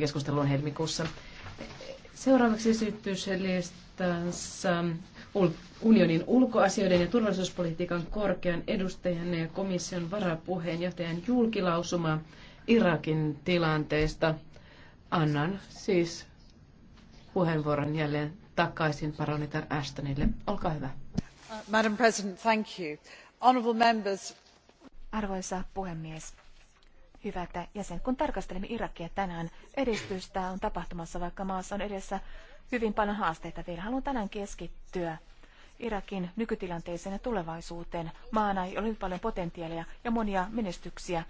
keskusteluun helmikuussa. Seuraavaksi esityslistansa unionin ulkoasioiden ja turvallisuuspolitiikan korkean edustajan ja komission varapuheenjohtajan julkilausuma Irakin tilanteesta. Annan siis puheenvuoron jälleen takaisin paronitar Ashtonille. Olkaa hyvä. Uh, Madam President, thank you. honourable members. Arvoisa puhemies, Hyvä, että jäsen, kun tarkastelemme Irakia tänään, edistystä on tapahtumassa, vaikka maassa on edessä hyvin paljon haasteita vielä. Haluan tänään keskittyä Irakin nykytilanteeseen ja tulevaisuuteen. Maana ei ole paljon potentiaalia ja monia menestyksiä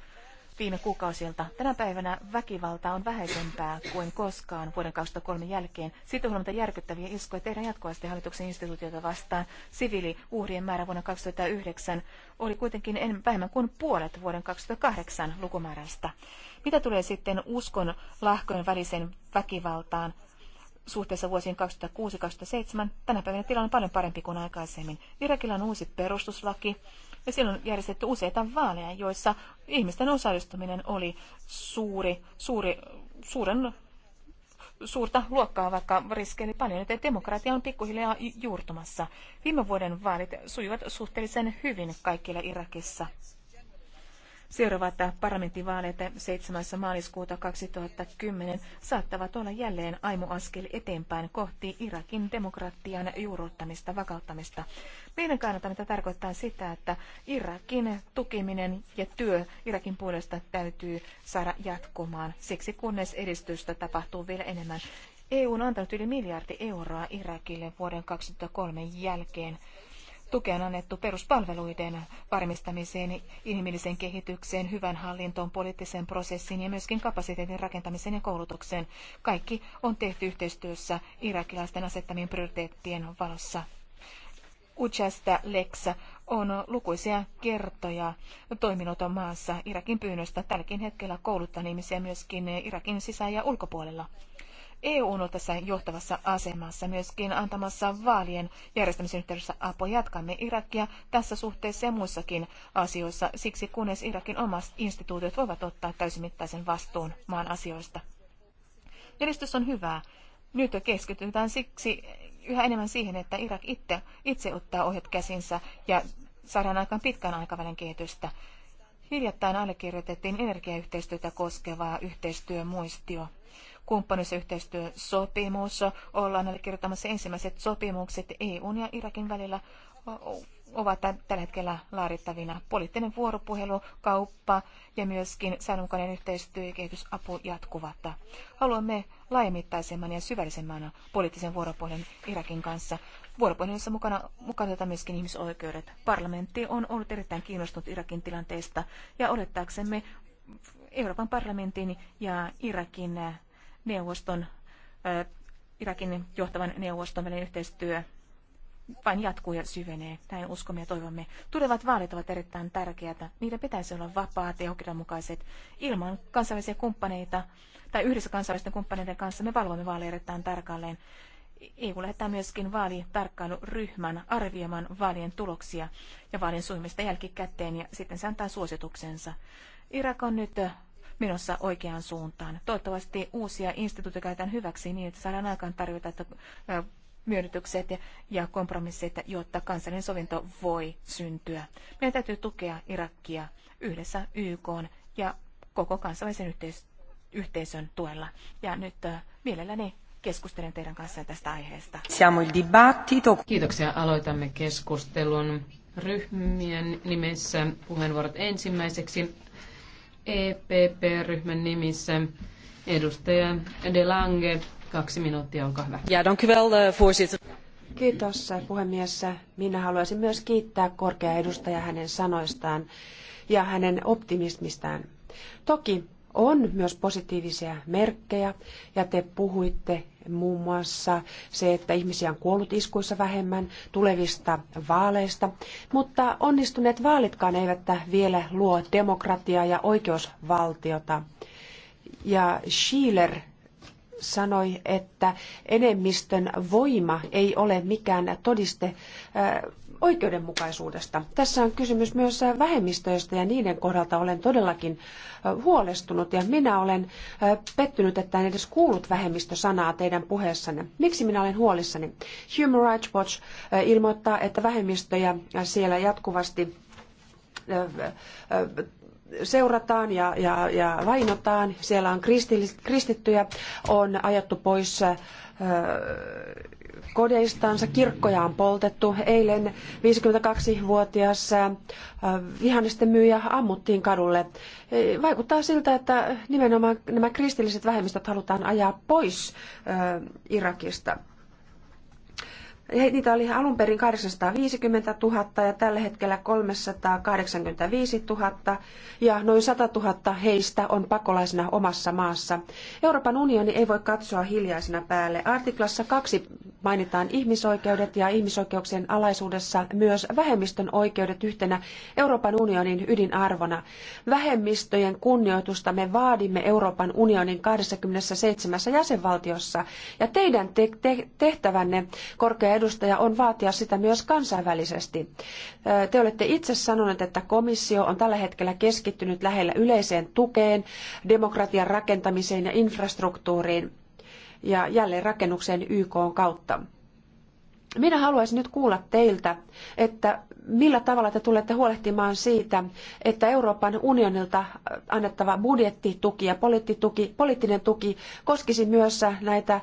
viime kuukausilta. Tänä päivänä väkivalta on vähäisempää kuin koskaan vuoden 2003 jälkeen. Siitä huolimatta järkyttäviä iskoja tehdään jatkuvasti hallituksen instituutioita vastaan. Siviiliuhrien määrä vuonna 2009 oli kuitenkin en, vähemmän kuin puolet vuoden 2008 lukumäärästä. Mitä tulee sitten uskon lahkojen väliseen väkivaltaan? suhteessa vuosiin 2006-2007 tänä päivänä tilanne on paljon parempi kuin aikaisemmin. Irakilla on uusi perustuslaki, ja on järjestetty useita vaaleja, joissa ihmisten osallistuminen oli suuri, suuri, suuren suurta luokkaa, vaikka riskeili paljon, että demokratia on pikkuhiljaa juurtumassa. Viime vuoden vaalit sujuvat suhteellisen hyvin kaikille Irakissa. Seuraavat parlamenttivaalit 7. maaliskuuta 2010 saattavat olla jälleen aimoaskel eteenpäin kohti Irakin demokratian juurruttamista, vakauttamista. Meidän kannalta mitä tarkoittaa sitä, että Irakin tukeminen ja työ Irakin puolesta täytyy saada jatkumaan, siksi kunnes edistystä tapahtuu vielä enemmän. EU on antanut yli miljardi euroa Irakille vuoden 2003 jälkeen tukeen annettu peruspalveluiden varmistamiseen, inhimilliseen kehitykseen, hyvän hallintoon, poliittiseen prosessiin ja myöskin kapasiteetin rakentamiseen ja koulutukseen. Kaikki on tehty yhteistyössä irakilaisten asettamien prioriteettien valossa. Uchasta Lex on lukuisia kertoja toiminut maassa Irakin pyynnöstä. Tälläkin hetkellä kouluttaa ihmisiä myöskin Irakin sisä- ja ulkopuolella. EU on ollut tässä johtavassa asemassa myöskin antamassa vaalien järjestämisen yhteydessä apua. Jatkamme Irakia tässä suhteessa ja muissakin asioissa, siksi kunnes Irakin omat instituutiot voivat ottaa täysimittaisen vastuun maan asioista. Järjestys on hyvää. Nyt keskitytään siksi yhä enemmän siihen, että Irak itse, itse ottaa ohjat käsinsä ja saadaan aikaan pitkän aikavälin kehitystä. Hiljattain allekirjoitettiin energiayhteistyötä koskevaa yhteistyömuistio kumppanuusyhteistyösopimus. Ollaan allekirjoittamassa ensimmäiset sopimukset EUn ja Irakin välillä ovat tällä hetkellä laadittavina. Poliittinen vuoropuhelu, kauppa ja myöskin säännönmukainen yhteistyö ja kehitysapu jatkuvat. Haluamme laajemittaisemman ja syvällisemmän poliittisen vuoropuhelun Irakin kanssa. Vuoropuhelussa mukana, mukana myöskin ihmisoikeudet. Parlamentti on ollut erittäin kiinnostunut Irakin tilanteesta ja olettaaksemme Euroopan parlamentin ja Irakin neuvoston, Irakin johtavan neuvoston välinen yhteistyö vain jatkuu ja syvenee. Näin uskomme ja toivomme. Tulevat vaalit ovat erittäin tärkeitä. Niiden pitäisi olla vapaat ja oikeudenmukaiset. Ilman kansainvälisiä kumppaneita tai yhdessä kansainvälisten kumppaneiden kanssa me valvomme vaaleja erittäin tarkalleen. EU lähettää myöskin vaalitarkkailuryhmän arvioimaan vaalien tuloksia ja vaalien suimista jälkikäteen ja sitten se antaa suosituksensa. Irak on nyt menossa oikeaan suuntaan. Toivottavasti uusia instituutioita käytetään hyväksi niin, että saadaan aikaan tarjota myönnytykset ja kompromisseet, jotta kansallinen sovinto voi syntyä. Meidän täytyy tukea Irakia yhdessä YK ja koko kansainvälisen yhteisön tuella. Ja nyt mielelläni keskustelen teidän kanssa tästä aiheesta. Kiitoksia. Aloitamme keskustelun ryhmien nimessä puheenvuorot ensimmäiseksi. EPP-ryhmän nimissä edustaja De Lange. Kaksi minuuttia, olkaa hyvä. Ja, dank u wel, eh, voorzitter. Kiitos eh, puhemies. Minä haluaisin myös kiittää korkea edustaja hänen sanoistaan ja hänen optimismistaan. Toki on myös positiivisia merkkejä ja te puhuitte muun muassa se, että ihmisiä on kuollut iskuissa vähemmän tulevista vaaleista, mutta onnistuneet vaalitkaan eivät vielä luo demokratiaa ja oikeusvaltiota. Ja Schiller sanoi, että enemmistön voima ei ole mikään todiste äh, oikeudenmukaisuudesta. Tässä on kysymys myös vähemmistöistä ja niiden kohdalta olen todellakin huolestunut ja minä olen pettynyt, että en edes kuullut vähemmistösanaa teidän puheessanne. Miksi minä olen huolissani? Human Rights Watch ilmoittaa, että vähemmistöjä siellä jatkuvasti seurataan ja, ja, ja vainotaan. Siellä on kristittyjä, on ajettu pois kodeistansa, kirkkoja on poltettu. Eilen 52-vuotias äh, vihannesten myyjä ammuttiin kadulle. Vaikuttaa siltä, että nimenomaan nämä kristilliset vähemmistöt halutaan ajaa pois äh, Irakista. Niitä oli alun perin 850 000 ja tällä hetkellä 385 000 ja noin 100 000 heistä on pakolaisina omassa maassa. Euroopan unioni ei voi katsoa hiljaisena päälle. Artiklassa 2 mainitaan ihmisoikeudet ja ihmisoikeuksien alaisuudessa myös vähemmistön oikeudet yhtenä Euroopan unionin ydinarvona. Vähemmistöjen kunnioitusta me vaadimme Euroopan unionin 27 jäsenvaltiossa ja teidän te- te- tehtävänne korkea edustaja on vaatia sitä myös kansainvälisesti. Te olette itse sanoneet, että komissio on tällä hetkellä keskittynyt lähellä yleiseen tukeen, demokratian rakentamiseen ja infrastruktuuriin ja jälleen rakennukseen YK kautta. Minä haluaisin nyt kuulla teiltä, että millä tavalla te tulette huolehtimaan siitä, että Euroopan unionilta annettava budjettituki ja poliittituki, poliittinen tuki koskisi myös näitä äh,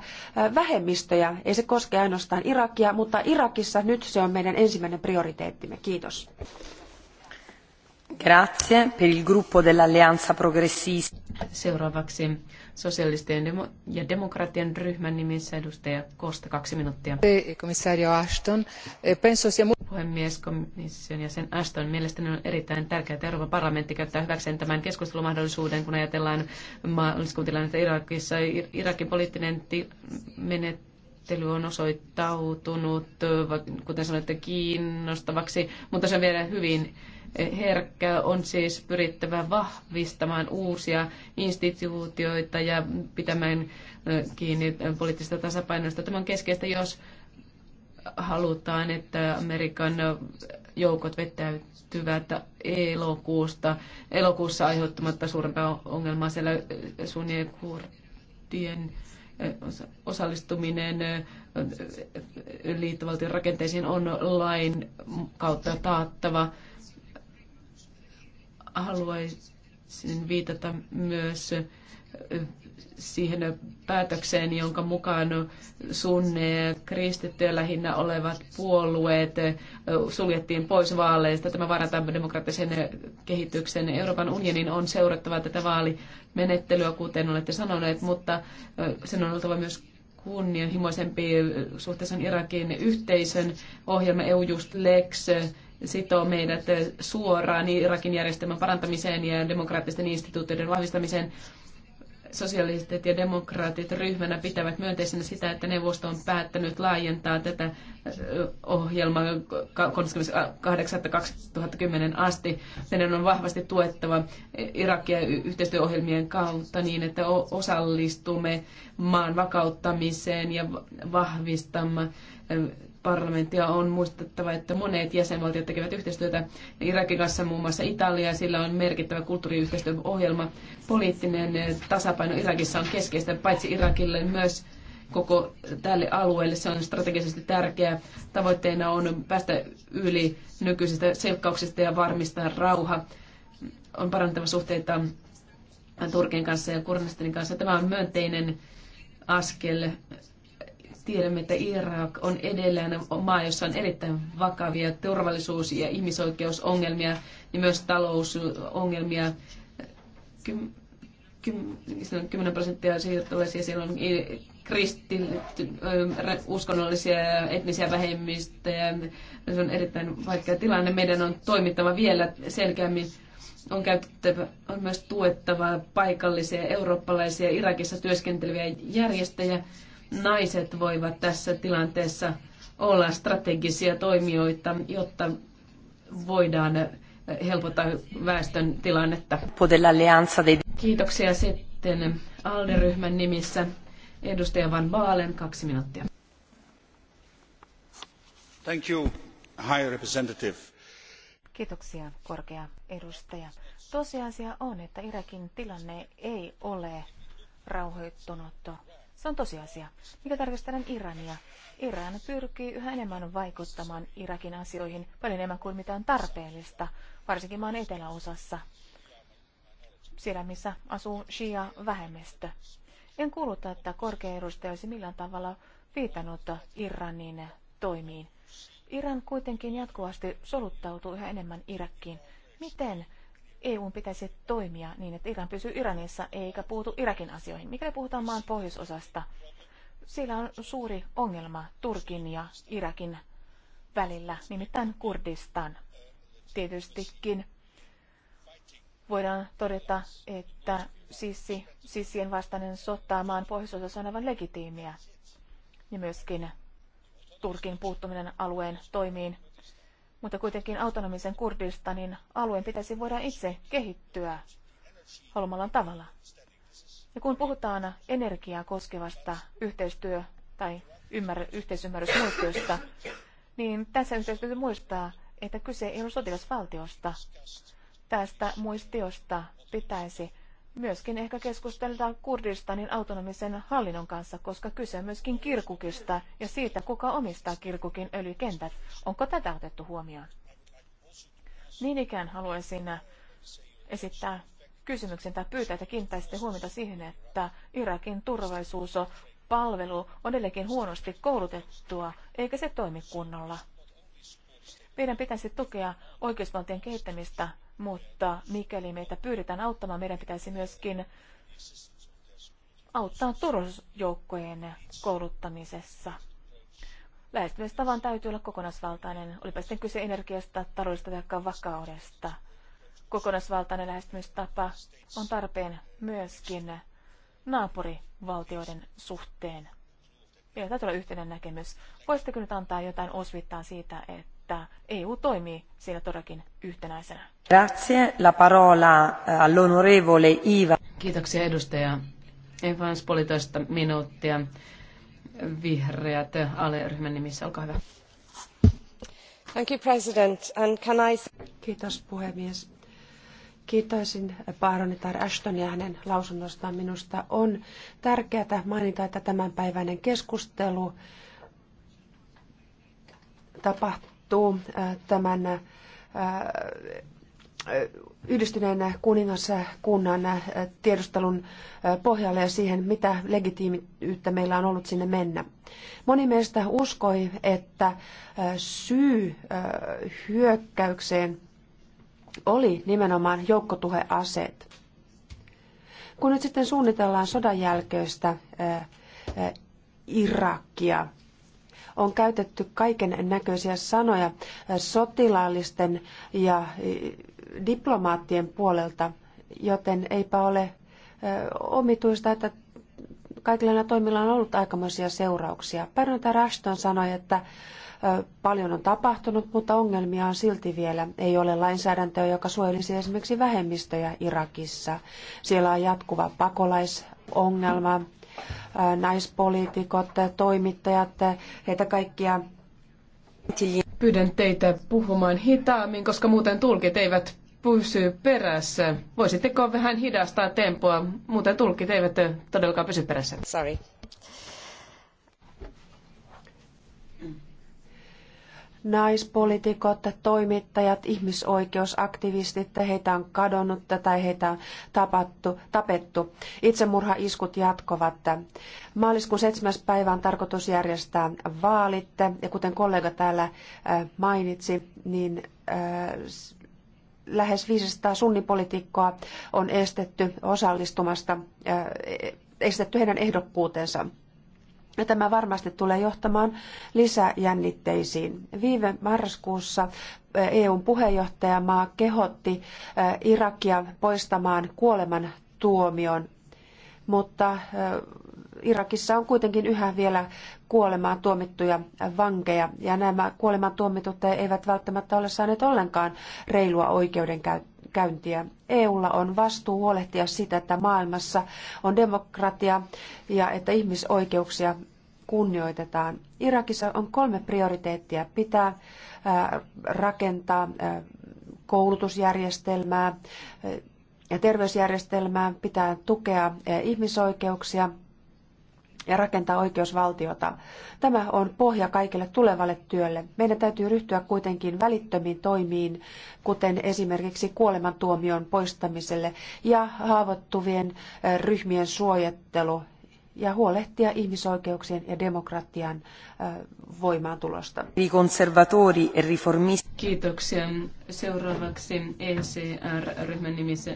vähemmistöjä. Ei se koske ainoastaan Irakia, mutta Irakissa nyt se on meidän ensimmäinen prioriteettimme. Kiitos. Grazie per il gruppo dell'Alleanza Progressista. Seuraavaksi sosialistien ja demokratian ryhmän nimissä edustaja Kosta kaksi minuuttia. Komissario Ashton, eh, penso sia... Puhemies, komission jäsen Ashton, mielestäni on erittäin tärkeää, että Euroopan parlamentti käyttää hyväkseen tämän keskustelumahdollisuuden, kun ajatellaan maaliskuun tilannetta Irakissa. Irakin poliittinen menettely näyttely on osoittautunut, kuten sanoitte, kiinnostavaksi, mutta se on vielä hyvin herkkä. On siis pyrittävä vahvistamaan uusia instituutioita ja pitämään kiinni poliittisesta tasapainosta. Tämä on keskeistä, jos halutaan, että Amerikan joukot vetäytyvät elokuusta, elokuussa aiheuttamatta suurempaa ongelmaa siellä suunnien kurdien osallistuminen liittovaltion rakenteisiin on lain kautta taattava. Haluaisin viitata myös siihen päätökseen, jonka mukaan sun eh, kristittyjä lähinnä olevat puolueet eh, suljettiin pois vaaleista. Tämä varataan demokraattisen eh, kehityksen. Euroopan unionin on seurattava tätä vaalimenettelyä, kuten olette sanoneet, mutta sen on oltava myös kunnianhimoisempi suhteessa Irakin yhteisön ohjelma EU Just Lex sitoo meidät suoraan Irakin järjestelmän parantamiseen ja demokraattisten instituutioiden vahvistamiseen sosialistit ja demokraatit ryhmänä pitävät myönteisenä sitä, että neuvosto on päättänyt laajentaa tätä ohjelmaa 38.2010 asti. Meidän on vahvasti tuettava Irakia yhteistyöohjelmien kautta niin, että osallistumme maan vakauttamiseen ja vahvistamme parlamenttia on muistettava, että monet jäsenvaltiot tekevät yhteistyötä Irakin kanssa, muun muassa Italia. Sillä on merkittävä kulttuuriyhteistyöohjelma. Poliittinen tasapaino Irakissa on keskeistä paitsi Irakille myös koko tälle alueelle. Se on strategisesti tärkeää. Tavoitteena on päästä yli nykyisistä selkkauksista ja varmistaa rauha. On parantava suhteita Turkin kanssa ja Kurdistanin kanssa. Tämä on myönteinen askel Tiedämme, että Irak on edelleen maa, jossa on erittäin vakavia turvallisuus- ja ihmisoikeusongelmia ja myös talousongelmia. Kym, kym, 10 prosenttia siirtolaisia siellä on kristilliset, uskonnollisia ja etnisiä vähemmistöjä. Se on erittäin vaikea tilanne. Meidän on toimittava vielä selkeämmin on, käytettävä, on myös tuettava paikallisia eurooppalaisia Irakissa työskenteleviä järjestäjiä naiset voivat tässä tilanteessa olla strategisia toimijoita, jotta voidaan helpottaa väestön tilannetta. Kiitoksia sitten ALDE-ryhmän nimissä. Edustaja Van Baalen, kaksi minuuttia. Thank you, high representative. Kiitoksia, korkea edustaja. Tosiasia on, että Irakin tilanne ei ole rauhoittunut se on tosiasia. Mikä tarkastellaan Irania? Iran pyrkii yhä enemmän vaikuttamaan Irakin asioihin paljon enemmän kuin mitä on tarpeellista, varsinkin maan eteläosassa, siellä missä asuu Shia-vähemmistö. En kuuluta, että korkea edustaja olisi millään tavalla viitannut Iranin toimiin. Iran kuitenkin jatkuvasti soluttautuu yhä enemmän Irakkiin. Miten EUn pitäisi toimia niin, että Iran pysyy Iranissa eikä puutu Irakin asioihin. Mikäli puhutaan maan pohjoisosasta, siellä on suuri ongelma Turkin ja Irakin välillä, nimittäin Kurdistan. Tietystikin voidaan todeta, että sissi, sissien vastainen sota maan pohjoisosassa on aivan legitiimiä. Ja myöskin Turkin puuttuminen alueen toimiin mutta kuitenkin autonomisen Kurdistanin alueen pitäisi voida itse kehittyä haluamallaan tavalla. Ja kun puhutaan energiaa koskevasta yhteistyö- tai ymmär- yhteisymmärrysmuistiosta, niin tässä yhteistyössä muistaa, että kyse ei ole sotilasvaltiosta. Tästä muistiosta pitäisi Myöskin ehkä keskustellaan Kurdistanin autonomisen hallinnon kanssa, koska kyse on myöskin kirkukista ja siitä, kuka omistaa kirkukin öljykentät. Onko tätä otettu huomioon? Niin ikään haluaisin esittää kysymyksen tai pyytää, että kiinnittäisitte huomiota siihen, että Irakin turvallisuuspalvelu on edelleenkin huonosti koulutettua, eikä se toimi kunnolla. Meidän pitäisi tukea oikeusvaltion kehittämistä mutta mikäli meitä pyydetään auttamaan, meidän pitäisi myöskin auttaa turvallisuusjoukkojen kouluttamisessa. Lähestymistavan täytyy olla kokonaisvaltainen, olipa sitten kyse energiasta, taloudesta tai vakaudesta. Kokonaisvaltainen lähestymistapa on tarpeen myöskin naapurivaltioiden suhteen. Meillä täytyy olla yhteinen näkemys. Voisitteko nyt antaa jotain osvittaa siitä, että että EU toimii siellä todellakin yhtenäisenä. Grazie. La parola eh, all'onorevole Iva. Kiitoksia edustaja Evans, puolitoista minuuttia. Vihreät aleryhmän ryhmän nimissä, olkaa hyvä. Thank you, President. And can I... Kiitos puhemies. Kiittäisin paaronitar Ashton ja hänen lausunnostaan. Minusta on tärkeää mainita, että tämänpäiväinen keskustelu tapahtuu tapahtuu tämän yhdistyneen kuningaskunnan tiedustelun pohjalle ja siihen, mitä legitiimiyttä meillä on ollut sinne mennä. Moni meistä uskoi, että syy hyökkäykseen oli nimenomaan joukkotuheaseet. Kun nyt sitten suunnitellaan sodan jälkeistä Irakia, on käytetty kaiken näköisiä sanoja eh, sotilaallisten ja eh, diplomaattien puolelta, joten eipä ole eh, omituista, että kaikilla näillä toimilla on ollut aikamoisia seurauksia. Pärnöntä Rashton sanoi, että paljon on tapahtunut, mutta ongelmia on silti vielä. Ei ole lainsäädäntöä, joka suojelisi esimerkiksi vähemmistöjä Irakissa. Siellä on jatkuva pakolaisongelma naispoliitikot, toimittajat, heitä kaikkia. Pyydän teitä puhumaan hitaammin, koska muuten tulkit eivät pysy perässä. Voisitteko vähän hidastaa tempoa, muuten tulkit eivät todellakaan pysy perässä. Sorry. naispoliitikot, toimittajat, ihmisoikeusaktivistit, heitä on kadonnut tai heitä on tapattu, tapettu. Itsemurhaiskut jatkuvat. Maaliskuun 7. päivä on tarkoitus järjestää vaalit ja kuten kollega täällä äh, mainitsi, niin äh, lähes 500 sunnipolitiikkoa on estetty osallistumasta, äh, e-, estetty heidän ehdokkuutensa. Ja tämä varmasti tulee johtamaan lisäjännitteisiin. Viime marraskuussa eh, EUn puheenjohtajamaa kehotti eh, Irakia poistamaan kuoleman tuomion, mutta eh, Irakissa on kuitenkin yhä vielä kuolemaan tuomittuja vankeja, ja nämä kuolemaan tuomitut eivät välttämättä ole saaneet ollenkaan reilua oikeudenkäyttöä Käyntiä EUlla on vastuu huolehtia siitä, että maailmassa on demokratia ja että ihmisoikeuksia kunnioitetaan. Irakissa on kolme prioriteettia. Pitää rakentaa koulutusjärjestelmää ja terveysjärjestelmää, pitää tukea ihmisoikeuksia – ja rakentaa oikeusvaltiota. Tämä on pohja kaikelle tulevalle työlle. Meidän täytyy ryhtyä kuitenkin välittömiin toimiin, kuten esimerkiksi kuolemantuomion poistamiselle ja haavoittuvien ryhmien suojattelu ja huolehtia ihmisoikeuksien ja demokratian voimaantulosta. Kiitoksia. Seuraavaksi ECR-ryhmän nimissä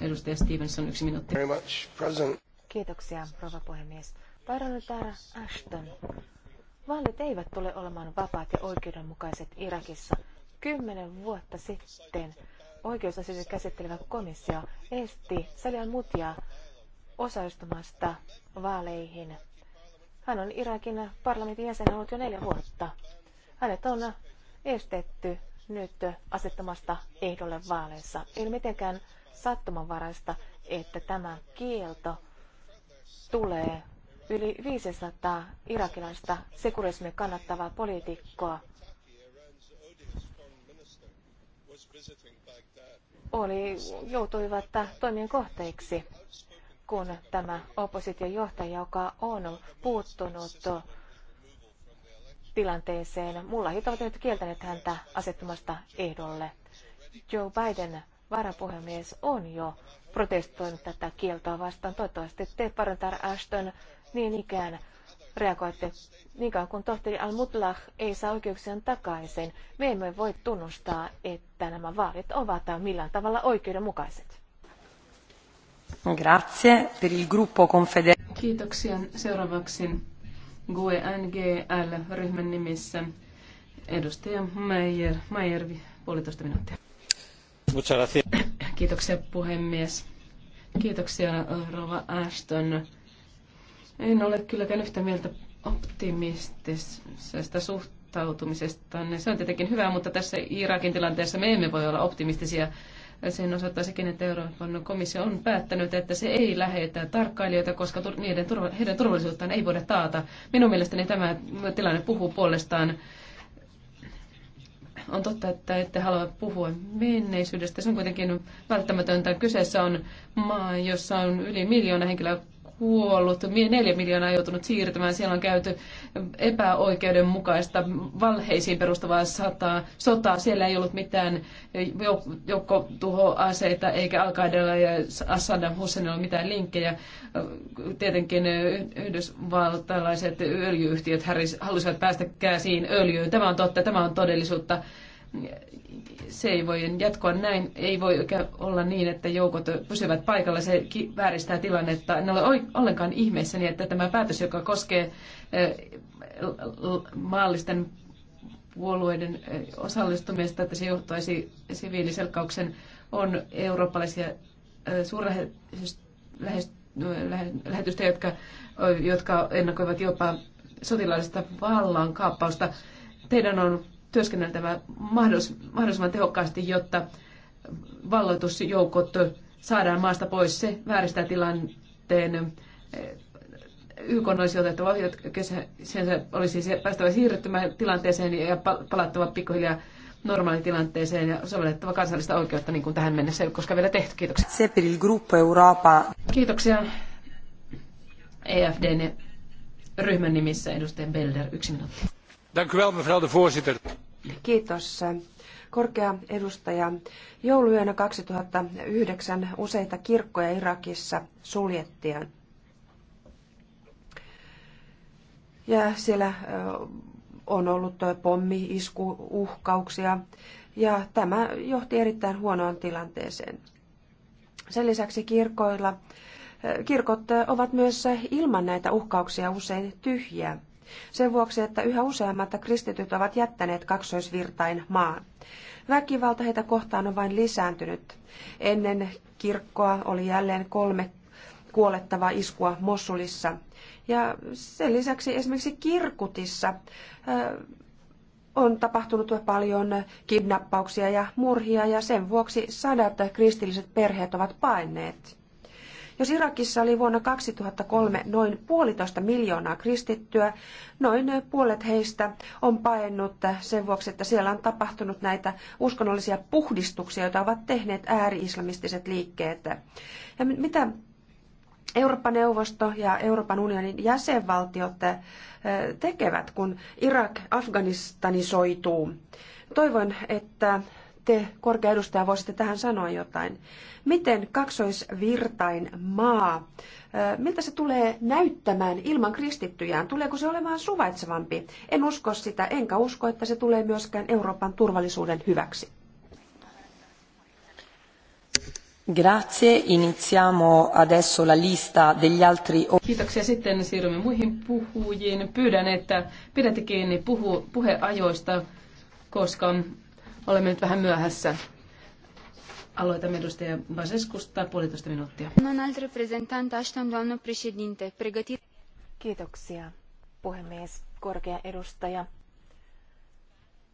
edustaja Stevenson, yksi minuutti. Kiitoksia, rouva puhemies. Parlamentaara Ashton, vaalit eivät tule olemaan vapaat ja oikeudenmukaiset Irakissa. Kymmenen vuotta sitten oikeusasioita käsittelevä komissio esti Salian Mutia osallistumasta vaaleihin. Hän on Irakin parlamentin jäsen ollut jo neljä vuotta. Hänet on estetty nyt asettamasta ehdolle vaaleissa. Ei ole mitenkään sattumanvaraista, että tämä kielto tulee yli 500 irakilaista sekurismia kannattavaa poliitikkoa oli, joutuivat toimien kohteeksi, kun tämä oppositiojohtaja, joka on puuttunut tilanteeseen, mulla ovat nyt kieltäneet häntä asettumasta ehdolle. Joe Biden, varapuhemies, on jo protestoinut tätä kieltoa vastaan. Toivottavasti te, parantar Ashton, niin ikään reagoitte niin kauan kuin tohtori al-Mutlah ei saa oikeuksien takaisin. Me emme voi tunnustaa, että nämä vaalit ovat millään tavalla oikeudenmukaiset. Grazie per il gruppo confeder- Kiitoksia. Seuraavaksi gue ryhmän nimissä edustaja Meijer, Meijer puolitoista minuuttia. Kiitoksia puhemies. Kiitoksia Rova Ashton en ole kylläkään yhtä mieltä optimistisesta suhtautumisesta. Se on tietenkin hyvä, mutta tässä Irakin tilanteessa me emme voi olla optimistisia. Sen osoittaa sekin, että Euroopan komissio on päättänyt, että se ei lähetä tarkkailijoita, koska niiden, heidän turvallisuuttaan ei voida taata. Minun mielestäni tämä tilanne puhuu puolestaan on totta, että ette halua puhua menneisyydestä. Se on kuitenkin välttämätöntä. Kyseessä on maa, jossa on yli miljoona henkilöä kuollut, neljä miljoonaa joutunut siirtämään. Siellä on käyty epäoikeudenmukaista valheisiin perustuvaa sataa, sotaa. Siellä ei ollut mitään joukkotuhoaseita eikä al ja Assad Husseinilla ole mitään linkkejä. Tietenkin yhdysvaltalaiset öljyyhtiöt halusivat päästä käsiin öljyyn. Tämä on totta, tämä on todellisuutta se ei voi jatkoa näin. Ei voi olla niin, että joukot pysyvät paikalla. Se vääristää tilannetta. En ole ollenkaan ihmeessäni, että tämä päätös, joka koskee maallisten puolueiden osallistumista, että se johtaisi siviiliselkkauksen, on eurooppalaisia suurlähetystä, jotka, jotka ennakoivat jopa sotilaallista vallankaappausta. Teidän on työskenneltävä mahdollisimman tehokkaasti, jotta valloitusjoukot saadaan maasta pois. Se vääristää tilanteen. YK olisi otettava ohjat, sen olisi se päästävä siirryttämään tilanteeseen ja palattava pikkuhiljaa normaalitilanteeseen ja sovellettava kansallista oikeutta niin kuin tähän mennessä koska vielä tehty. Kiitoksia. Se per il gruppo Europa. Kiitoksia EFDn ryhmän nimissä edustaja Belder. Yksi minuutti. Kiitos. Korkea edustaja, jouluyönä 2009 useita kirkkoja Irakissa suljettiin. Ja siellä on ollut pommi uhkauksia ja tämä johti erittäin huonoon tilanteeseen. Sen lisäksi kirkoilla, kirkot ovat myös ilman näitä uhkauksia usein tyhjiä sen vuoksi, että yhä useammat kristityt ovat jättäneet kaksoisvirtain maan. Väkivalta heitä kohtaan on vain lisääntynyt. Ennen kirkkoa oli jälleen kolme kuolettavaa iskua Mossulissa. Ja sen lisäksi esimerkiksi Kirkutissa on tapahtunut paljon kidnappauksia ja murhia ja sen vuoksi sadat kristilliset perheet ovat paineet. Jos Irakissa oli vuonna 2003 noin puolitoista miljoonaa kristittyä, noin puolet heistä on paennut sen vuoksi, että siellä on tapahtunut näitä uskonnollisia puhdistuksia, joita ovat tehneet ääri-islamistiset liikkeet. Ja mitä Euroopan neuvosto ja Euroopan unionin jäsenvaltiot eh, tekevät, kun Irak afganistanisoituu. Toivon, että te korkea edustaja voisitte tähän sanoa jotain. Miten kaksoisvirtain maa, miltä se tulee näyttämään ilman kristittyjään? Tuleeko se olemaan suvaitsevampi? En usko sitä, enkä usko, että se tulee myöskään Euroopan turvallisuuden hyväksi. Grazie, iniziamo adesso la lista degli altri... Kiitoksia, sitten siirrymme muihin puhujiin. Pyydän, että pidätte kiinni puhu, puheajoista, koska Olemme nyt vähän myöhässä. Aloitamme edustaja Baseskusta puolitoista minuuttia. Înalt representant, aștam, doamnă președinte, pregătit... Kiitoksia, puhemies, korkea edustaja.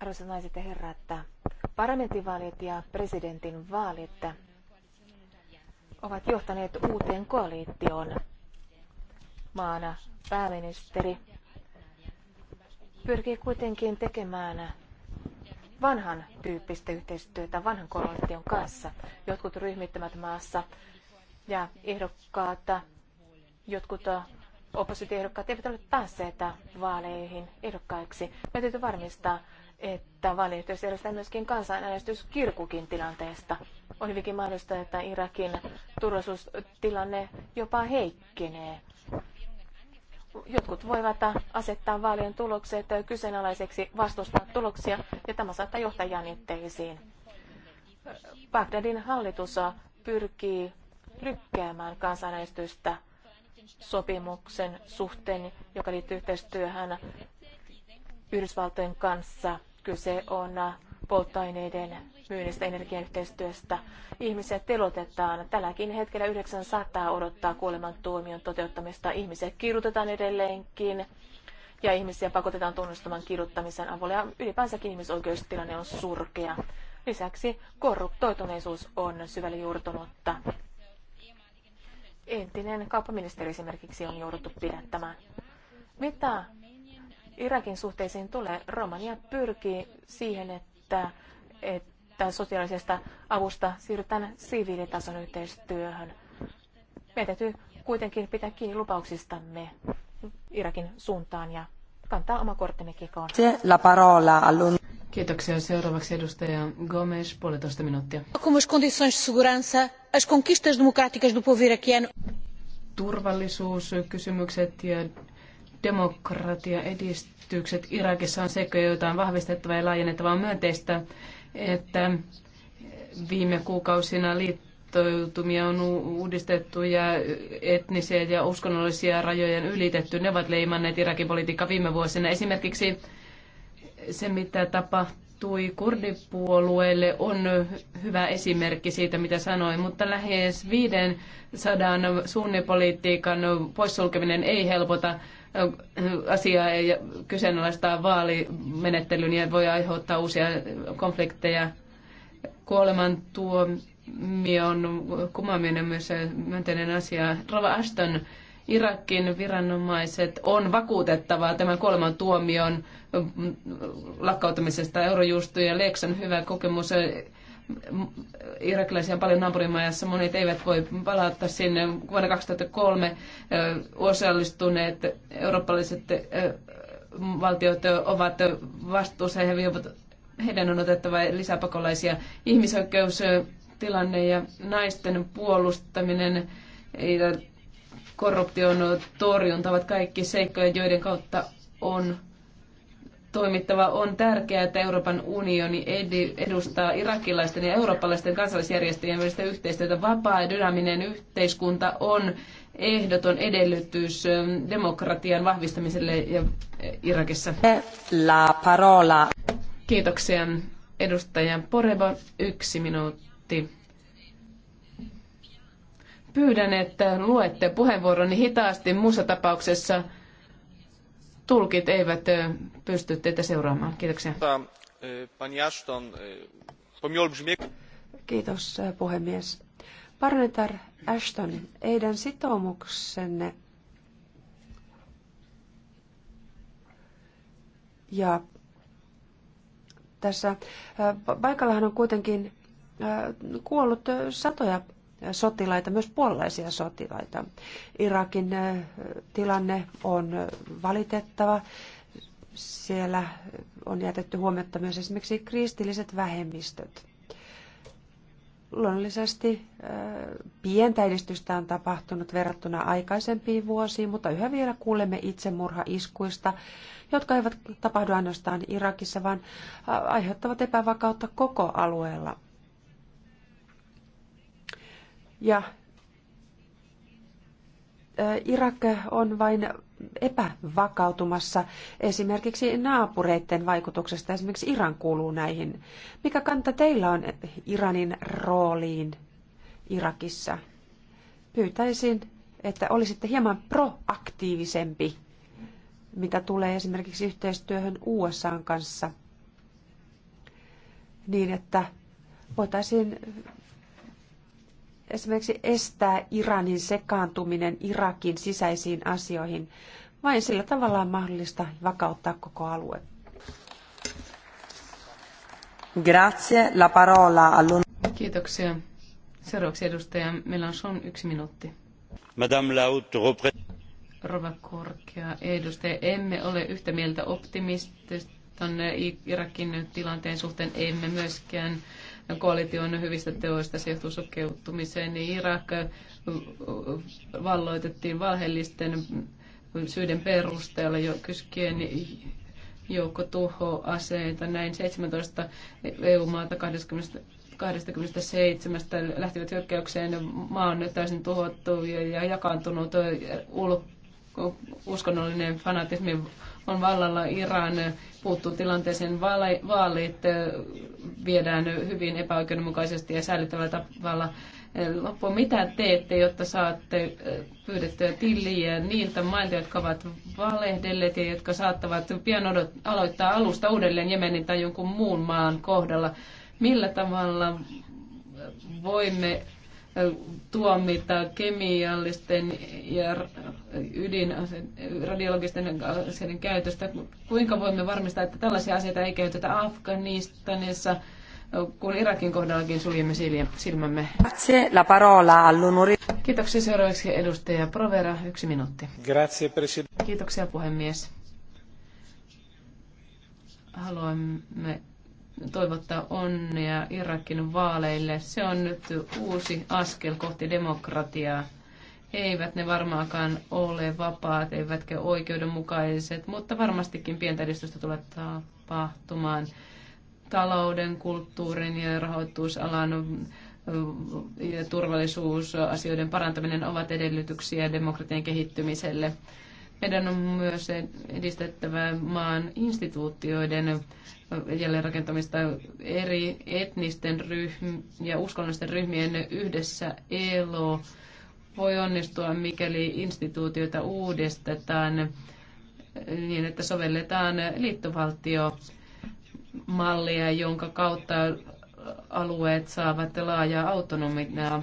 Arvoisat naiset ja herrat, parlamenttivaalit ja presidentin vaalit ovat johtaneet uuteen koalitioon. Maana pääministeri pyrkii kuitenkin tekemään vanhan tyyppistä yhteistyötä vanhan koalition kanssa. Jotkut ryhmittämät maassa ja ehdokkaat, jotkut oppositioehdokkaat eivät ole päässeet vaaleihin ehdokkaiksi. Me täytyy varmistaa, että vaaliyhteys järjestää myöskin kansanäänestys kirkukin tilanteesta. On hyvinkin mahdollista, että Irakin turvallisuustilanne jopa heikkenee jotkut voivat asettaa vaalien tulokset kyseenalaiseksi, vastustaa tuloksia, ja tämä saattaa johtaa jännitteisiin. Bagdadin hallitus pyrkii lykkäämään kansanäänestystä sopimuksen suhteen, joka liittyy yhteistyöhön Yhdysvaltojen kanssa. Kyse on polttoaineiden myynnistä, energiayhteistyöstä. Ihmisiä telotetaan. Tälläkin hetkellä 900 odottaa kuolemantuomion toteuttamista. Ihmisiä kirjoitetaan edelleenkin ja ihmisiä pakotetaan tunnustamaan kirjoittamisen avulla. Ja ylipäänsäkin ihmisoikeustilanne on surkea. Lisäksi korruptoituneisuus on syvälle juurtunutta. Entinen kauppaministeri esimerkiksi on jouduttu pidättämään. Mitä Irakin suhteisiin tulee? Romania pyrkii siihen, että että, että sosiaalisesta avusta siirrytään siviilitason yhteistyöhön. Meidän täytyy kuitenkin pitää kiinni lupauksistamme Irakin suuntaan ja kantaa oma korttimme kikoon. Kiitoksia. Seuraavaksi edustaja Gomes, puolitoista minuuttia. turvallisuuskysymykset ja demokratiaedistykset Irakissa on sekä, joita on vahvistettava ja laajennettava. On myönteistä, että viime kuukausina liittoutumia on uudistettu ja etnisiä ja uskonnollisia rajoja ylitetty. Ne ovat leimanneet Irakin politiikkaa viime vuosina. Esimerkiksi se, mitä tapahtui kurdipuolueelle, on hyvä esimerkki siitä, mitä sanoin, mutta lähes 500 suunnipolitiikan poissulkeminen ei helpota asiaa ja kyseenalaistaa vaalimenettelyn ja voi aiheuttaa uusia konflikteja. Kuolemantuomion kumoaminen on myös myönteinen asia. Rova Ashton, Irakin viranomaiset on vakuutettavaa tämän kuolemantuomion lakkauttamisesta. Eurojust ja Lexan hyvä kokemus irakilaisia on paljon naapurimaajassa, monet eivät voi palata sinne. Vuonna 2003 osallistuneet eurooppalaiset valtiot ovat vastuussa ja heidän on otettava lisäpakolaisia. Ihmisoikeustilanne ja naisten puolustaminen ja korruption torjunta ovat kaikki seikkoja, joiden kautta on toimittava. On tärkeää, että Euroopan unioni edustaa irakilaisten ja eurooppalaisten kansallisjärjestöjen välistä yhteistyötä. Vapaa ja dynaaminen yhteiskunta on ehdoton edellytys ähm, demokratian vahvistamiselle ja äh, Irakissa. La parola. Kiitoksia edustaja Poreba. Yksi minuutti. Pyydän, että luette puheenvuoroni hitaasti. Muussa tapauksessa tulkit eivät pysty teitä seuraamaan. Kiitoksia. Kiitos puhemies. Parlamentar Ashton, eidän sitoumuksenne ja tässä paikallahan on kuitenkin kuollut satoja sotilaita, myös puolalaisia sotilaita. Irakin tilanne on valitettava. Siellä on jätetty huomiota myös esimerkiksi kristilliset vähemmistöt. Luonnollisesti pientä edistystä on tapahtunut verrattuna aikaisempiin vuosiin, mutta yhä vielä kuulemme itsemurhaiskuista, jotka eivät tapahdu ainoastaan Irakissa, vaan aiheuttavat epävakautta koko alueella. Ja Irak on vain epävakautumassa esimerkiksi naapureiden vaikutuksesta, esimerkiksi Iran kuuluu näihin. Mikä kanta teillä on Iranin rooliin Irakissa? Pyytäisin, että olisitte hieman proaktiivisempi, mitä tulee esimerkiksi yhteistyöhön USA kanssa, niin että voitaisiin esimerkiksi estää Iranin sekaantuminen Irakin sisäisiin asioihin. Vain sillä tavalla on mahdollista vakauttaa koko alue. Grazie. La parola allun... Kiitoksia. Seuraavaksi edustaja Melanson, yksi minuutti. Madame la haute représentante. Rova korkea edustaja, emme ole yhtä mieltä optimistista Irakin tilanteen suhteen, emme myöskään koalition hyvistä teoista se johtuu sokeutumiseen, niin Irak valloitettiin valheellisten syiden perusteella jo kyskien joukkotuhoaseita. Näin 17 EU-maata 20 27 lähtivät hyökkäykseen. Maa on nyt täysin tuhottu ja jakaantunut uskonnollinen fanatismi on vallalla Iran puuttuu tilanteeseen, vaalit eh, viedään hyvin epäoikeudenmukaisesti ja säällittävällä tavalla eh, loppuun. Mitä teette, jotta saatte eh, pyydettyä tiliä niiltä mailta, jotka ovat valehdelleet ja jotka saattavat pian odot- aloittaa alusta uudelleen Jemenin tai jonkun muun maan kohdalla? Millä tavalla voimme tuomita kemiallisten ja ydinradiologisten asioiden käytöstä. Kuinka voimme varmistaa, että tällaisia asioita ei käytetä Afganistanissa, kun Irakin kohdallakin suljemme silmämme? La parola Kiitoksia seuraavaksi edustaja Provera, yksi minuutti. Grazie, Kiitoksia puhemies. Haluamme toivottaa onnea Irakin vaaleille. Se on nyt uusi askel kohti demokratiaa. Eivät ne varmaakaan ole vapaat, eivätkä oikeudenmukaiset, mutta varmastikin pientä edistystä tulee tapahtumaan. Talouden, kulttuurin ja rahoitusalan ja turvallisuusasioiden parantaminen ovat edellytyksiä demokratian kehittymiselle. Meidän on myös edistettävä maan instituutioiden jälleenrakentamista eri etnisten ryhm- ja uskonnollisten ryhmien yhdessä elo voi onnistua, mikäli instituutioita uudistetaan niin, että sovelletaan liittovaltiomallia, jonka kautta alueet saavat laajaa autonomiaa.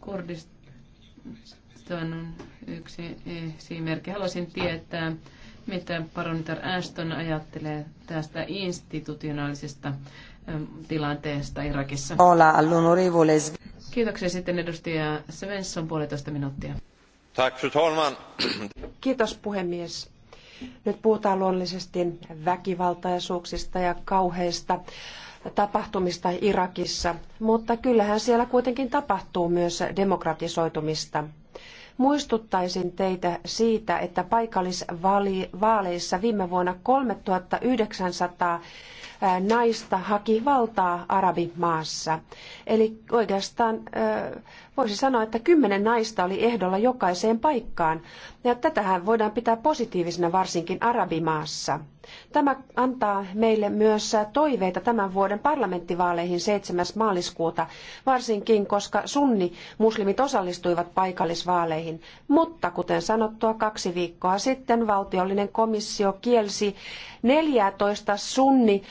Kurdistan on yksi esimerkki. Haluaisin tietää, mitä paronitar Ashton ajattelee tästä institutionaalisesta ähm, tilanteesta Irakissa. Kiitoksia sitten edustaja Svensson puolitoista minuuttia. Kiitos puhemies. Nyt puhutaan luonnollisesti väkivaltaisuuksista ja kauheista tapahtumista Irakissa, mutta kyllähän siellä kuitenkin tapahtuu myös demokratisoitumista – Muistuttaisin teitä siitä, että paikallisvaaleissa viime vuonna 3900 naista haki valtaa arabimaassa. Eli oikeastaan Voisi sanoa, että kymmenen naista oli ehdolla jokaiseen paikkaan, ja tätähän voidaan pitää positiivisena varsinkin arabimaassa. Tämä antaa meille myös toiveita tämän vuoden parlamenttivaaleihin 7. maaliskuuta, varsinkin koska sunni muslimit osallistuivat paikallisvaaleihin. Mutta kuten sanottua kaksi viikkoa sitten, valtiollinen komissio kielsi 14 sunni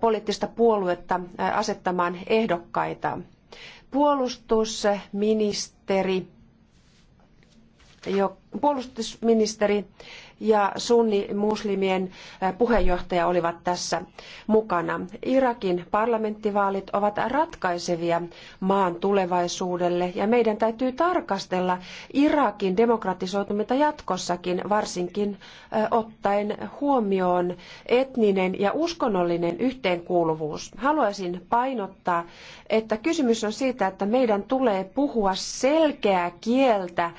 poliittista puoluetta asettamaan ehdokkaita puolustusministeri, jo, puolustusministeri ja sunnimuslimien puheenjohtaja olivat tässä mukana. Irakin parlamenttivaalit ovat ratkaisevia maan tulevaisuudelle ja meidän täytyy tarkastella Irakin demokratisoitumista jatkossakin, varsinkin ottaen huomioon etninen ja uskonnollinen yhteenkuuluvuus. Haluaisin painottaa, että kysymys on siitä, että meidän tulee puhua selkeää kieltä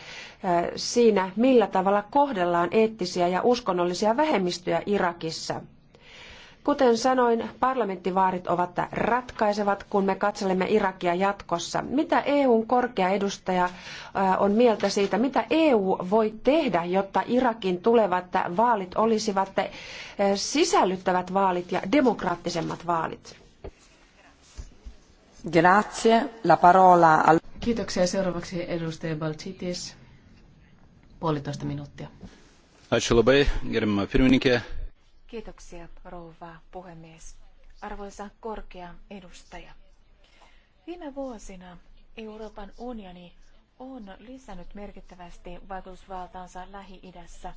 siinä, millä tavalla kohdellaan eettisiä ja uskonnollisia vähemmistöjä Irakissa. Kuten sanoin, parlamenttivaarit ovat ratkaisevat, kun me katselemme Irakia jatkossa. Mitä EUn korkea edustaja on mieltä siitä, mitä EU voi tehdä, jotta Irakin tulevat vaalit olisivat sisällyttävät vaalit ja demokraattisemmat vaalit? Grazie. La parola al... Kiitoksia. Seuraavaksi edustaja Balcitis puolitoista minuuttia. Kiitoksia, rouva puhemies. Arvoisa korkea edustaja. Viime vuosina Euroopan unioni on lisännyt merkittävästi vaikutusvaltaansa Lähi-idässä,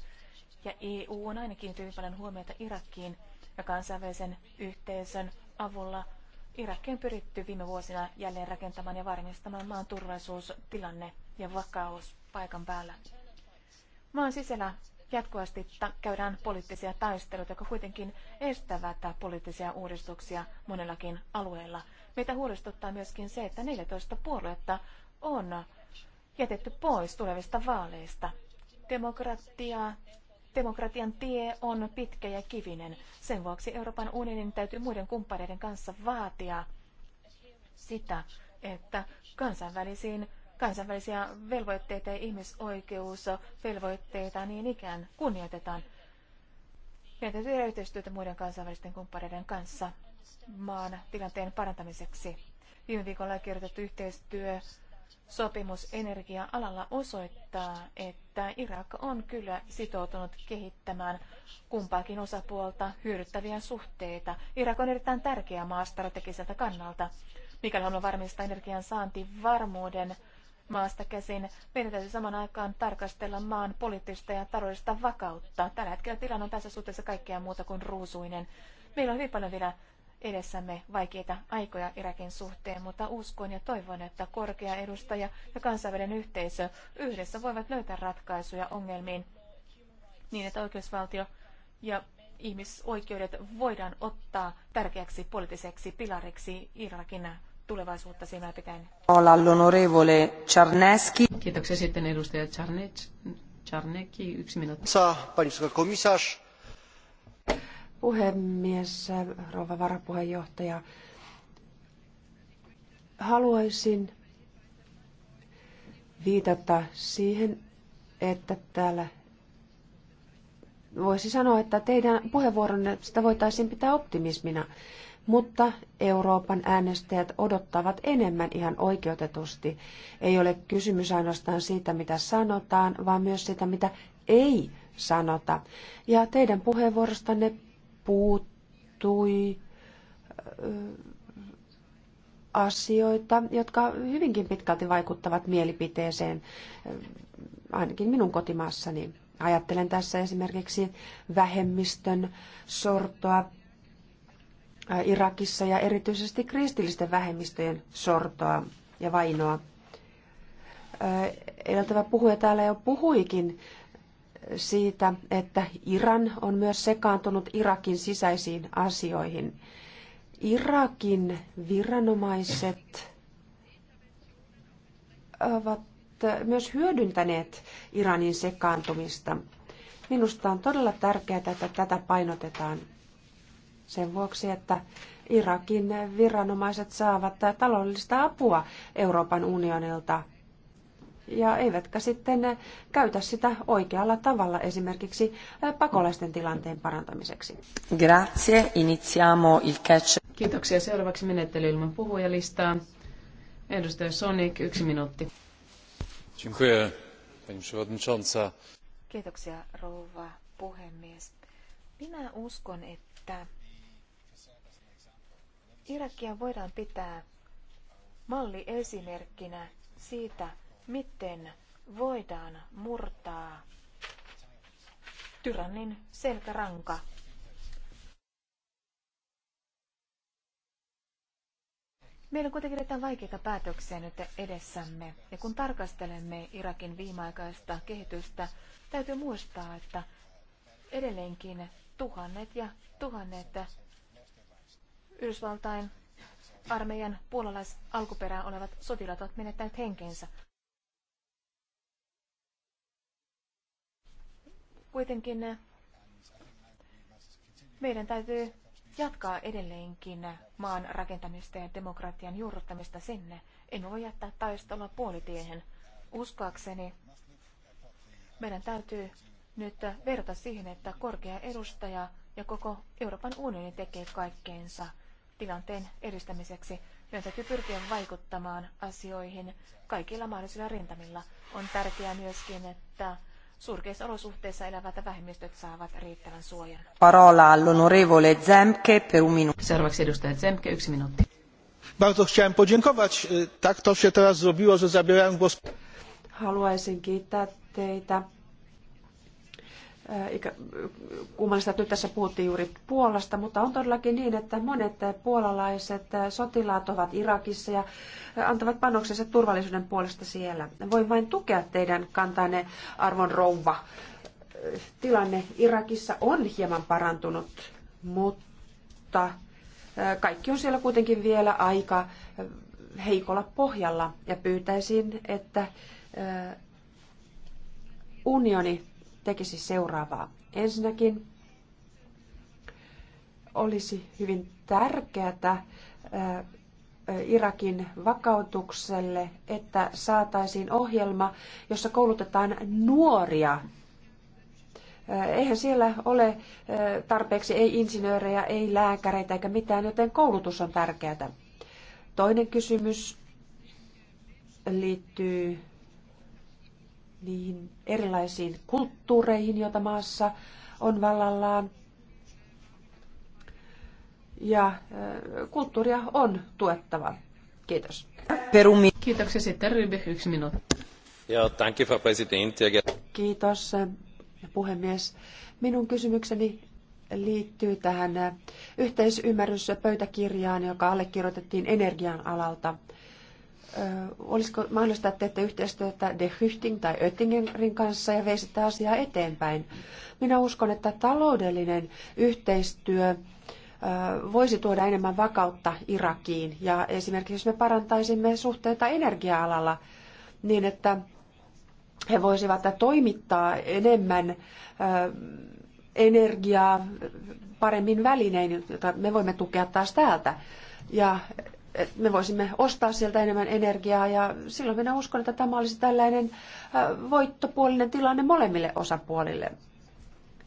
ja EU on ainakin hyvin paljon huomiota Irakkiin ja kansainvälisen yhteisön avulla Irakkiin pyritty viime vuosina jälleen rakentamaan ja varmistamaan maan turvallisuustilanne ja vakaus paikan päällä. Maan sisällä jatkuvasti ta- käydään poliittisia taisteluita, jotka kuitenkin estävät poliittisia uudistuksia monellakin alueella. Meitä huolestuttaa myöskin se, että 14 puoluetta on jätetty pois tulevista vaaleista. Demokratia, demokratian tie on pitkä ja kivinen. Sen vuoksi Euroopan unionin täytyy muiden kumppaneiden kanssa vaatia sitä, että kansainvälisiin kansainvälisiä velvoitteita ja ihmisoikeusvelvoitteita niin ikään kunnioitetaan. Meidän täytyy tehdä yhteistyötä muiden kansainvälisten kumppaneiden kanssa maan tilanteen parantamiseksi. Viime viikolla kirjoitettu yhteistyö sopimus energia-alalla osoittaa, että Irak on kyllä sitoutunut kehittämään kumpaakin osapuolta hyödyttäviä suhteita. Irak on erittäin tärkeä maa strategiselta kannalta. Mikäli haluamme varmistaa energian saantivarmuuden maasta käsin. Meidän täytyy saman aikaan tarkastella maan poliittista ja taloudellista vakautta. Tällä hetkellä tilanne on tässä suhteessa kaikkea muuta kuin ruusuinen. Meillä on hyvin paljon vielä edessämme vaikeita aikoja Irakin suhteen, mutta uskon ja toivon, että korkea edustaja ja kansainvälinen yhteisö yhdessä voivat löytää ratkaisuja ongelmiin niin, että oikeusvaltio ja ihmisoikeudet voidaan ottaa tärkeäksi poliittiseksi pilariksi Irakin tulevaisuutta silmällä pitäen. Olla l'onorevole Czarneski. Kiitoksia sitten edustaja Czarnecki. Yksi minuutti. Saa, panisika komisarz. Puhemies, rouva varapuheenjohtaja. Haluaisin viitata siihen, että täällä voisi sanoa, että teidän puheenvuoronne sitä voitaisiin pitää optimismina mutta Euroopan äänestäjät odottavat enemmän ihan oikeutetusti. Ei ole kysymys ainoastaan siitä, mitä sanotaan, vaan myös siitä, mitä ei sanota. Ja teidän puheenvuorostanne puuttui asioita, jotka hyvinkin pitkälti vaikuttavat mielipiteeseen, ainakin minun kotimaassani. Ajattelen tässä esimerkiksi vähemmistön sortoa Irakissa ja erityisesti kristillisten vähemmistöjen sortoa ja vainoa. Edeltävä puhuja täällä jo puhuikin siitä, että Iran on myös sekaantunut Irakin sisäisiin asioihin. Irakin viranomaiset ovat myös hyödyntäneet Iranin sekaantumista. Minusta on todella tärkeää, että tätä painotetaan sen vuoksi, että Irakin viranomaiset saavat taloudellista apua Euroopan unionilta ja eivätkä sitten käytä sitä oikealla tavalla esimerkiksi pakolaisten tilanteen parantamiseksi. Grazie, iniziamo il catch. Kiitoksia. Seuraavaksi menettely ilman puhujalistaa. Edustaja Sonic, yksi minuutti. Dziękuję, pani przewodnicząca. Kiitoksia, rouva puhemies. Minä uskon, että Irakia voidaan pitää malliesimerkkinä siitä, miten voidaan murtaa tyrannin selkäranka. Meillä on kuitenkin erittäin vaikeita päätöksiä nyt edessämme, ja kun tarkastelemme Irakin viimeaikaista kehitystä, täytyy muistaa, että edelleenkin tuhannet ja tuhannet Yhdysvaltain armeijan puolalais alkuperää olevat sotilaat ovat menettäneet henkensä. Kuitenkin eh, meidän täytyy jatkaa edelleenkin maan rakentamista ja demokratian juurruttamista sinne. en voi jättää taistelua puolitiehen. Uskoakseni meidän täytyy nyt verrata siihen, että korkea edustaja ja koko Euroopan unioni tekee kaikkeensa – tilanteen edistämiseksi. Meidän täytyy pyrkiä vaikuttamaan asioihin kaikilla mahdollisilla rintamilla. On tärkeää myöskin, että surkeissa olosuhteissa elävät vähemmistöt saavat riittävän suojan. Parola all'onorevole Zemke per un minuto. Seuraavaksi edustaja Zemke, yksi minuutti. Bardzo chciałem podziękować. E, tak to się teraz zrobiło, że zabierałem głos. Haluaisin kiittää teitä eikä, kummallista, että nyt tässä puhuttiin juuri Puolasta, mutta on todellakin niin, että monet puolalaiset sotilaat ovat Irakissa ja antavat panoksensa turvallisuuden puolesta siellä. Voin vain tukea teidän kantainen arvon rouva. Tilanne Irakissa on hieman parantunut, mutta kaikki on siellä kuitenkin vielä aika heikolla pohjalla ja pyytäisin, että unioni tekisi seuraavaa. Ensinnäkin olisi hyvin tärkeää Irakin vakautukselle, että saataisiin ohjelma, jossa koulutetaan nuoria. Eihän siellä ole tarpeeksi ei insinöörejä, ei lääkäreitä eikä mitään, joten koulutus on tärkeää. Toinen kysymys liittyy niihin erilaisiin kulttuureihin, joita maassa on vallallaan. Ja äh, kulttuuria on tuettava. Kiitos. Perumi. Kiitoksia sitten Rybe, yksi minuutti. Ja, you, for president. Kiitos, äh, puhemies. Minun kysymykseni liittyy tähän äh, yhteisymmärryspöytäkirjaan, joka allekirjoitettiin energian alalta olisiko mahdollista, että teette yhteistyötä De Hychting tai Oettingerin kanssa ja veisitte asiaa eteenpäin? Minä uskon, että taloudellinen yhteistyö voisi tuoda enemmän vakautta Irakiin. Ja esimerkiksi jos me parantaisimme suhteita energia-alalla niin, että he voisivat toimittaa enemmän energiaa paremmin välinein, jota me voimme tukea taas täältä. Ja me voisimme ostaa sieltä enemmän energiaa ja silloin minä uskon, että tämä olisi tällainen äh, voittopuolinen tilanne molemmille osapuolille.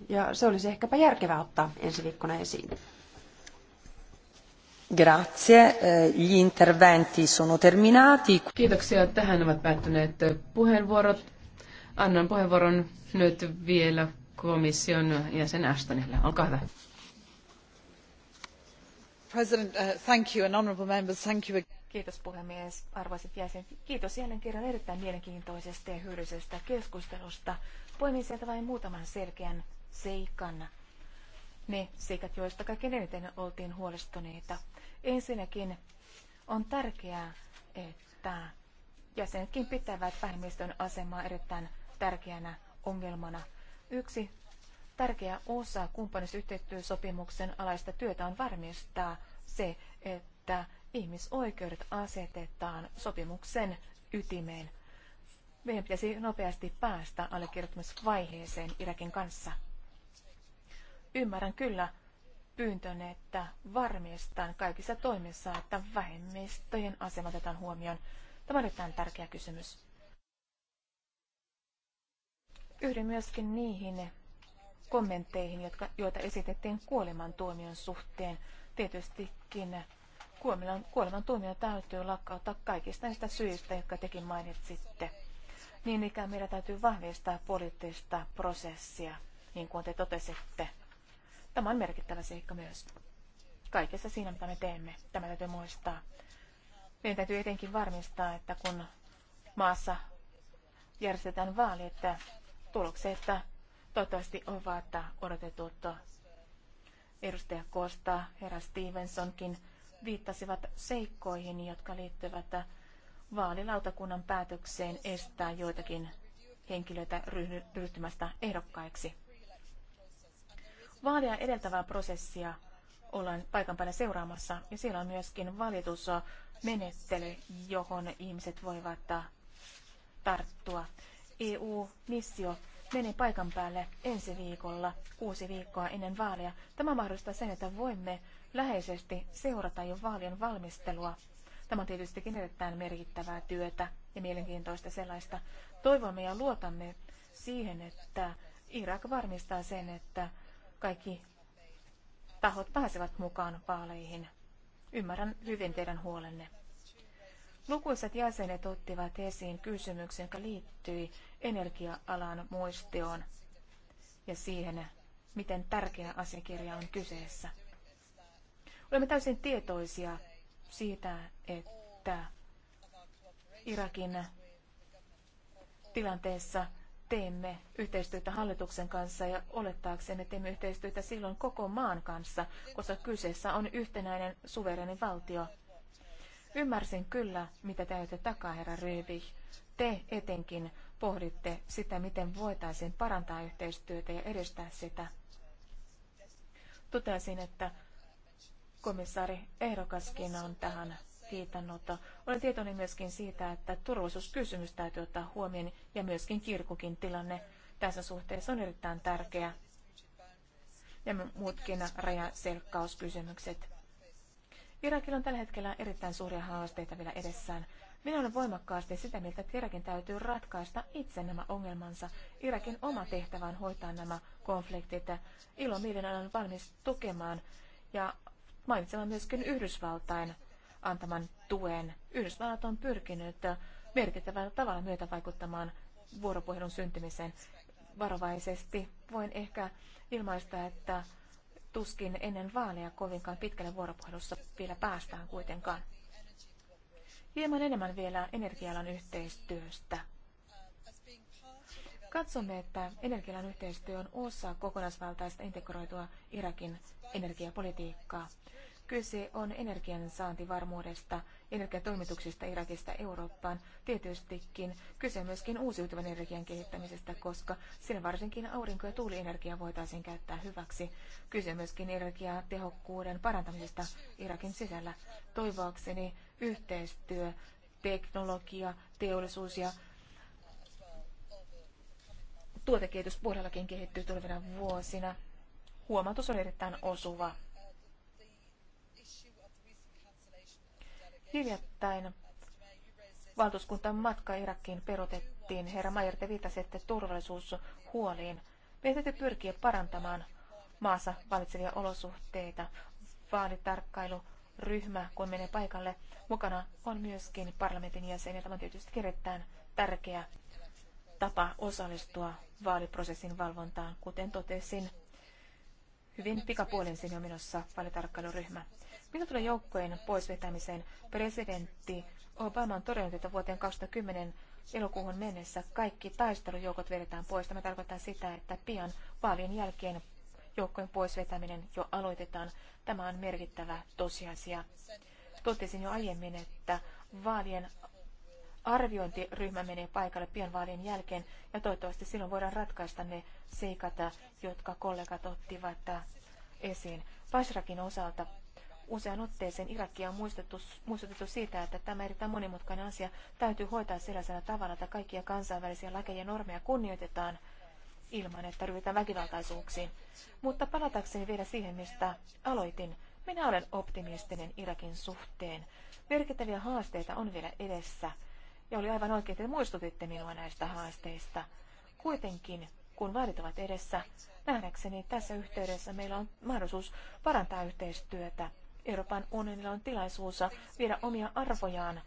Ja se olisi ehkäpä järkevää ottaa ensi viikkona esiin. Grazie. Eh, gli interventi sono terminati. Kiitoksia. Tähän ovat päättyneet puheenvuorot. Annan puheenvuoron nyt vielä komission jäsen Ashtonille. Olkaa hyvä. Uh, kiitos puhemies, arvoisat jäsenet. Kiitos jälleen kerran erittäin mielenkiintoisesta ja hyödyllisestä keskustelusta. Poimin sieltä vain muutaman selkeän seikan. Ne seikat, joista kaikkein eniten oltiin huolestuneita. Ensinnäkin on tärkeää, että jäsenetkin pitävät vähemmistön asemaa erittäin tärkeänä ongelmana. Yksi Tärkeä osa kumppanuusyhteistyösopimuksen alaista työtä on varmistaa se, että ihmisoikeudet asetetaan sopimuksen ytimeen. Meidän pitäisi nopeasti päästä allekirjoittamisvaiheeseen Irakin kanssa. Ymmärrän kyllä pyyntön, että varmistan kaikissa toimissa, että vähemmistöjen asema otetaan huomioon. Tämä on erittäin tärkeä kysymys. Yhdyn myöskin niihin kommentteihin, jotka, joita esitettiin kuolemantuomion suhteen. Tietystikin kuoleman, kuolemantuomio täytyy lakkauttaa kaikista niistä syistä, jotka tekin mainitsitte. Niin ikään meidän täytyy vahvistaa poliittista prosessia, niin kuin te totesitte. Tämä on merkittävä seikka myös. Kaikessa siinä, mitä me teemme, tämä täytyy muistaa. Meidän täytyy etenkin varmistaa, että kun maassa järjestetään vaalit, tulokset Toivottavasti ovat odotetut edustaja Kosta, herra Stevensonkin viittasivat seikkoihin, jotka liittyvät vaalilautakunnan päätökseen estää joitakin henkilöitä ryhtymästä ehdokkaiksi. Vaalia edeltävää prosessia ollaan paikan päällä seuraamassa ja siellä on myöskin valitusmenettely, johon ihmiset voivat tarttua. EU-missio meni paikan päälle ensi viikolla, kuusi viikkoa ennen vaaleja. Tämä mahdollistaa sen, että voimme läheisesti seurata jo vaalien valmistelua. Tämä on tietystikin erittäin merkittävää työtä ja mielenkiintoista sellaista. Toivomme ja luotamme siihen, että Irak varmistaa sen, että kaikki tahot pääsevät mukaan vaaleihin. Ymmärrän hyvin teidän huolenne. Lukuisat jäsenet ottivat esiin kysymyksen, joka liittyi energia-alan muistioon ja siihen, miten tärkeä asiakirja on kyseessä. Olemme täysin tietoisia siitä, että Irakin tilanteessa teemme yhteistyötä hallituksen kanssa ja olettaaksemme teemme yhteistyötä silloin koko maan kanssa, koska kyseessä on yhtenäinen suvereni valtio. Ymmärsin kyllä, mitä te ajatte takaa, herra Röövich. Te etenkin pohditte sitä, miten voitaisiin parantaa yhteistyötä ja edistää sitä. Totesin, että komissaari ehdokaskin on tähän viitannut. Olen tietoinen myöskin siitä, että turvallisuuskysymys täytyy ottaa huomioon ja myöskin kirkukin tilanne tässä suhteessa on erittäin tärkeä. Ja muutkin rajaselkkauskysymykset. Irakilla on tällä hetkellä erittäin suuria haasteita vielä edessään. Minä olen voimakkaasti sitä mieltä, että Irakin täytyy ratkaista itse nämä ongelmansa. Irakin oma tehtävä on hoitaa nämä konfliktit. Ilomielen on valmis tukemaan ja mainitsemaan myöskin Yhdysvaltain antaman tuen. Yhdysvallat on pyrkinyt merkittävällä tavalla myötävaikuttamaan vuoropuhelun syntymiseen. Varovaisesti voin ehkä ilmaista, että Tuskin ennen vaaleja kovinkaan pitkälle vuoropuhelussa vielä päästään kuitenkaan. Hieman enemmän vielä energialan yhteistyöstä. Katsomme, että energialan yhteistyö on osa kokonaisvaltaista integroitua Irakin energiapolitiikkaa. Kyse on energian saantivarmuudesta, energiatoimituksista Irakista Eurooppaan. Tietystikin kyse on myöskin uusiutuvan energian kehittämisestä, koska sillä varsinkin aurinko- ja tuulienergiaa voitaisiin käyttää hyväksi. Kyse on myöskin energiatehokkuuden parantamisesta Irakin sisällä. Toivoakseni yhteistyö, teknologia, teollisuus ja tuotekehityspuolellakin kehittyy tulevina vuosina. Huomautus on erittäin osuva. Hiljattain valtuuskuntan matka Irakkiin perotettiin. Herra Mayer, te viittasitte turvallisuushuoliin. Meidän täytyy pyrkiä parantamaan maassa valitsevia olosuhteita. Vaalitarkkailuryhmä, kun menee paikalle, mukana on myöskin parlamentin jäseniä. Tämä on tietysti erittäin tärkeä tapa osallistua vaaliprosessin valvontaan. Kuten totesin, hyvin pikapuolin sinne on menossa vaalitarkkailuryhmä. Mitä tulee joukkojen poisvetämiseen, presidentti Obama on todennut, että vuoteen 2010 elokuuhun mennessä kaikki taistelujoukot vedetään pois. Tämä tarkoittaa sitä, että pian vaalien jälkeen joukkojen poisvetäminen jo aloitetaan. Tämä on merkittävä tosiasia. Totesin jo aiemmin, että vaalien arviointiryhmä menee paikalle pian vaalien jälkeen ja toivottavasti silloin voidaan ratkaista ne seikat, jotka kollegat ottivat esiin. Basrakin osalta Usean otteeseen Irakia on muistutettu, muistutettu siitä, että tämä erittäin monimutkainen asia täytyy hoitaa sellaisena tavalla, että kaikkia kansainvälisiä lakeja ja normeja kunnioitetaan ilman, että ryhdytään väkivaltaisuuksiin. Mutta palatakseni vielä siihen, mistä aloitin. Minä olen optimistinen Irakin suhteen. Merkittäviä haasteita on vielä edessä. Ja oli aivan oikein, että muistutitte minua näistä haasteista. Kuitenkin, kun vaalit ovat edessä, nähdäkseni tässä yhteydessä meillä on mahdollisuus parantaa yhteistyötä Euroopan unionilla on tilaisuus viedä omia arvojaan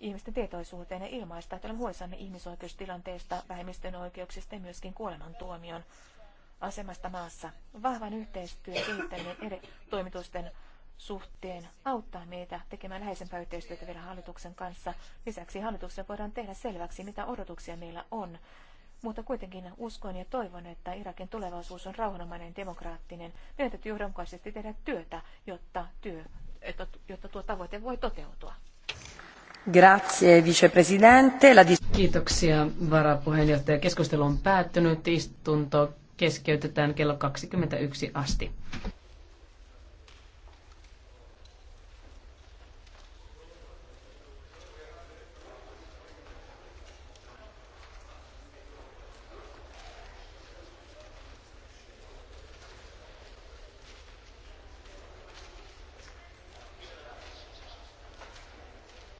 ihmisten tietoisuuteen ja ilmaista, että olemme huolissamme ihmisoikeustilanteesta, vähemmistön oikeuksista ja myöskin kuolemantuomion asemasta maassa. Vahvan yhteistyön kehittäminen eri toimitusten suhteen auttaa meitä tekemään läheisempää yhteistyötä vielä hallituksen kanssa. Lisäksi hallituksen voidaan tehdä selväksi, mitä odotuksia meillä on mutta kuitenkin uskon ja toivon, että Irakin tulevaisuus on rauhanomainen demokraattinen. Meidän täytyy johdonmukaisesti tehdä työtä, jotta, työ, että, jotta tuo tavoite voi toteutua. Grazie, vicepresidente. La Kiitoksia, varapuheenjohtaja. Keskustelu on päättynyt. Istunto keskeytetään kello 21 asti.